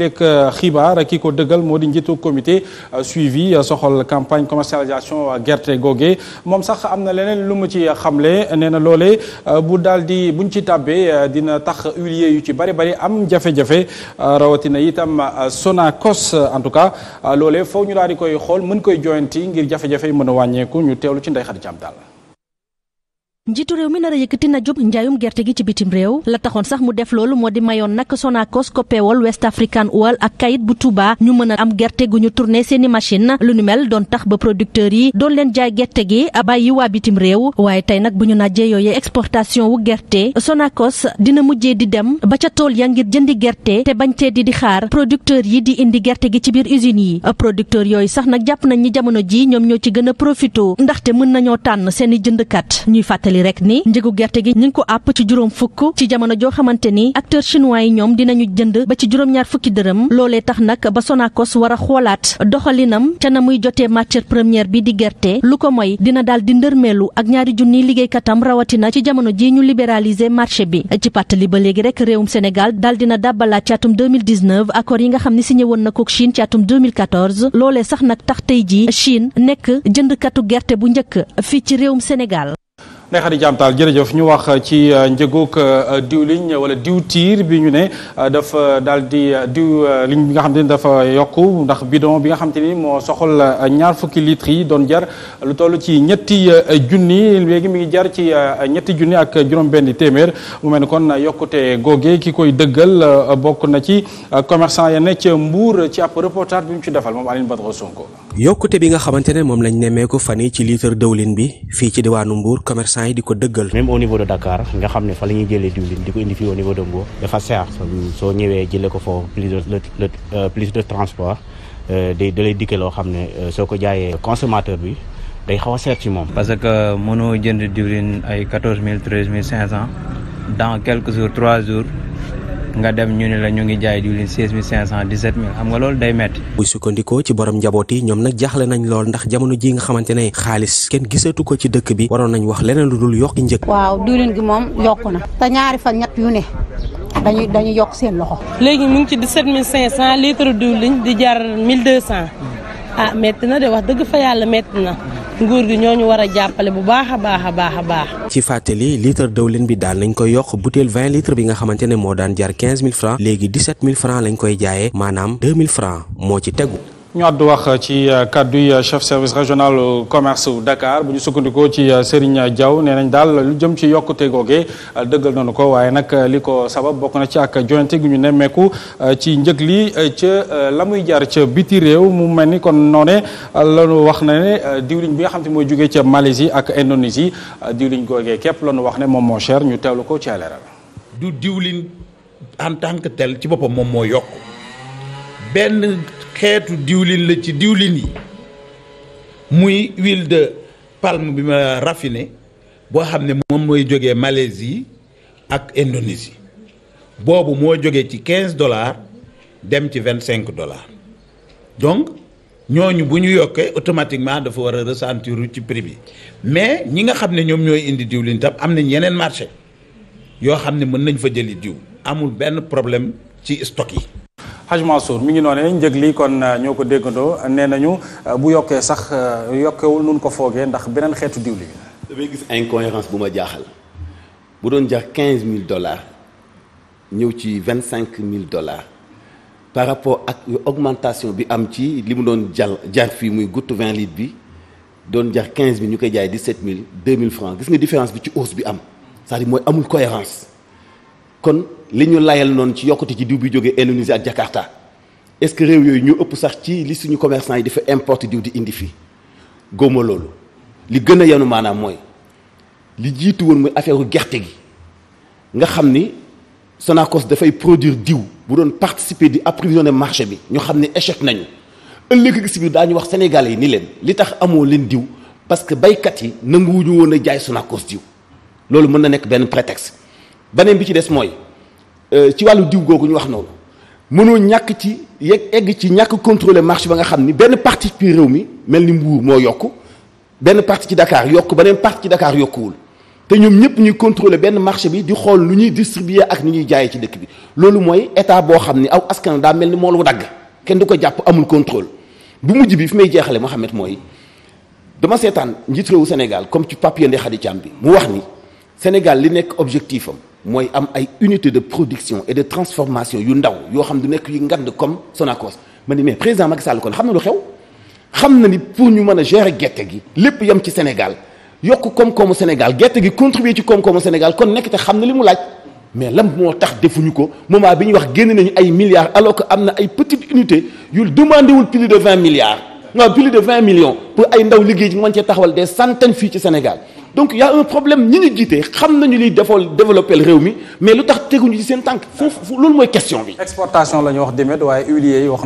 léeg euh, xibaar ki ko dëggal moo di njiitu comité euh, suivi euh, soxal campagne commercialisation gerte googe moom sax am na leneen lu mu ci xamle nee na loole bu daal di buñ ci tàbbee dina tax ulier yu ci bari bari am jafe-jafe rawatina itam cos en tout cas loole foofu ñu daal di koy xool mën koy joyanti ngir jafe-jafe yi a wàññeeku ñu teelu ci Ndeye Khady Thiam daal njiitu réew mi nar a yëkkati na jub njaayum gerte gi ci bitim réew la taxoon sax mu def loolu moo di mayoon nag Sonacos Copéol West African Oil ak kayit bu Touba ñu mën a am gerte gu ñu tourné seeni machine lu nu mel doon tax ba producteurs yi doon leen jaay gerte gi bàyyi waa bitim réew waaye tey nag bu ñu naajee yooyee exportation wu gerte Sonacos dina mujjee di dem ba ca tool ya ngir jëndi gerte te bañ cee di di xaar producteurs yi di indi gerte gi ci biir usines yi producteurs yooyu sax nag jàpp nañ ni jamono ji ñoom ñoo ci gën a profito ndaxte mën nañoo tànn seeni jëndkat ñuy fàttali fàttali rek ni njëgu gerte gi ñu ngi ko àpp ci juróom fukk ci jamono joo xamante ni acteur chinois yi ñoom dinañu jënd ba ci juróom-ñaar fukki dërëm loolee tax nag ba Sonacos war a xoolaat doxalinam ca na muy jotee matière première bi di gerte lu ko moy dina daal di ndërmeelu ak ñaari junni liggéeykatam rawatina ci jamono ji ñu libéraliser marché bi ci pàttali ba léegi rek réewum Sénégal daal dina dàbbalaat ci atum 2019 accord yi nga xam ne si woon na kook Chine ci atum 2014 loolee sax nag tax tey ji Chine nekk jëndkatu gerte bu njëkk fii ci réewum Sénégal Ndeye Khady Thiam Tall jërëjëf ñu wax uh, ci uh, njëgug uh, diwliñ wala diw tiir bi ñu ne dafa daal di diw liñ bi nga xam te dafa yokku ndax bidon bi nga xam te moo soxal ñaar fukki litres yi doon jar lu toll ci ñetti junni léegi mi ngi jar ci ñetti junni ak juróom-benn téeméer mu mel ni kon yokkute googe ki koy dëggal bokk na ci commerçant ya ne ca Mbour ci ab bi mu ci defal moom Aline Badro Sonko. bi nga xamante ne moom lañ nemmeeku fan yi ci litre dëwlin bi fii ci diwaanu Mbour commerçant commerçant yi di ko dëggal même au niveau de Dakar nga xam ne fa la ñuy jëlee diwlin di ko indi fii au niveau de Mbour dafa seer soo ñëwee jëlee ko foofu plus de euh, transport euh, day dikke loo xam ne euh, soo ko jaayee consommateur bi day xaw a seet ci moom parce que mënoo jënd diwlin ay quatorze mille treize mille cinq cent dans quelques jours trois jours nga dem ñu ne la ngi jaay diwlin xam nga loolu day metti bu sukkandikoo ci borom njaboot ñoom nag jaaxle nañ lool ndax jamono ji nga xamante ne xaalis kenn gisatu ko ci dëkk bi waroon nañ wax leneen lu dul yokki njëg waaw diwlin gi moom yokku na te ñaari fan ñett yu ne dañuy yokk seen loxo léegi mu ci dix-sept mille cinq cent litre diwlin di jar ah metti na de wax dëgg fa yàlla metti na nguur gi ñoo ñu war a jàppale bu baax a baax a baax a baax. ci fàttali litre dëwlin bi daal nañ koy yokk butéel 20 litre bi nga xamante ne moo daan jar 15000 francs léegi 17000 francs lañ koy jaayee maanaam 2000 francs moo ci tegu. ñu àddu wax ci euh, kàddu yi euh, chef service régional commerce Dakar bu ñu sukkandikoo ci euh, Serigne Diaw nee nañ daal lu jëm ci yokkute googe dëggal nañu ko waaye nag li ko sabab bokk na ci ak joyante gi ñu nemmeeku ci njëg li ca la muy jar ca biti réew mu mel ni kon noone lañu wax na ne diwliñ bi nga xam te mooy jógee ca Malaisie ak Indonésie diwliñ googee képp lañu wax ne moom moo cher ñu teelu ko ci leeral du diwlin en tant que tel ci boppam moom mooy yokk xeetu diwlin la ci diwlin yi muy huile de palme bi ma raffiné boo xam ne moom mooy jógee Malaisie ak Indonésie boobu moo jóge ci quinze dollars dem ci vingt cinq dollars donc ñooñu bu ñu yokkee automatiquement dafa war a ressentir ci prix bi mais ñi nga xam ne ñoom ñooy indi diwlin tam am nañ yeneen marché yoo xam ne mën nañ fa jëli diw amul benn problème ci stock yi Haj Mansour mi ngi noonee njëg li kon euh, ñoo ko déggandoo nee nañu euh, bu yokkee sax euh, yokkewul nun ko foogee ndax beneen xeetu diw li gis incohérence bu ma jaaxal bu doon jar quinze mille dollars ñëw ci vingt cinq mille dollars par rapport ak augmentation bi am ci li mu doon jal jar fii muy guttu vingt litres bi doon jar quinze mille ñu koy jaay dix sept mille deux mille francs gis nga différence bi ci hausse bi am cest à mooy amul cohérence kon li ñu layal noonu ci yokkute ci diw bi jógee Indonésie ak Jakarta est-ce que réew yooyu ñu ëpp sax ci li suñu commerçant yi dafa importe diw di indi fii góoma loolu li gën a yenu maanaam mooy li jiitu woon mooy affaire gerte gi nga xam ni Sonacos dafay produire diw bu doon participer di approvisionner marché bi ñu xam ne échec nañu ëllëg si biir ñu wax sénégal yi ni leen li tax amoo leen diw parce que baykat yi nanguwuñu woon a jaay Sonacos diw loolu mën na nekk benn prétexte beneen bi ci des mooy euh, ci wàllu diw googu ñu wax noonu mënoo ñàkk ci yegg egg ci ñàkk contrôler marché ba nga xam ni benn parti ci réew mi mel ni Mbour moo yokk benn parti ci dakaar yokk beneen parti ci Dakar yokkuwul te ñoom ñëpp ñuy contrôler benn marché bi di xool lu ñuy distribuer ak ni ñuy jaaye ci dëkk bi loolu mooy état boo xam ni aw askan daa mel ni moo dagg kenn du ko jàpp amul contrôle bu mujj bi fi may jeexale Mouhamed mooy dama seetaan njiit Sénégal comme ci papier Ndeye Khady Thiam bi mu wax ni Sénégal li nekk objectif am mooy am ay unité de production et de transformation yu ndaw yoo xam du nekk yu ngand comme Sonacos ma ni mais président Macky Sall kon xam na lu xew xam na ni pour ñu mën a gérer gerte gi lépp yem ci Sénégal yokk koom-koomu Sénégal gerte gi contribuer ci koom-koomu Sénégal kon nekk te xam na li mu laaj mais lan moo tax defuñu ko moom moment bi ñu wax génn nañu ay milliards alors que am na ay petites unité yu demandé wul plus de vingt milliards non plus de vingt pour ay ndaw liggéey ci nga mën cee fii ci Sénégal donc y un problème ñi ñu jiite xam nañu liy defal développé réew mi mais lu tax teguñu ci seen tànk foofu loolu mooy question bi. exportation la ñu wax demet waaye huiliers yi wax.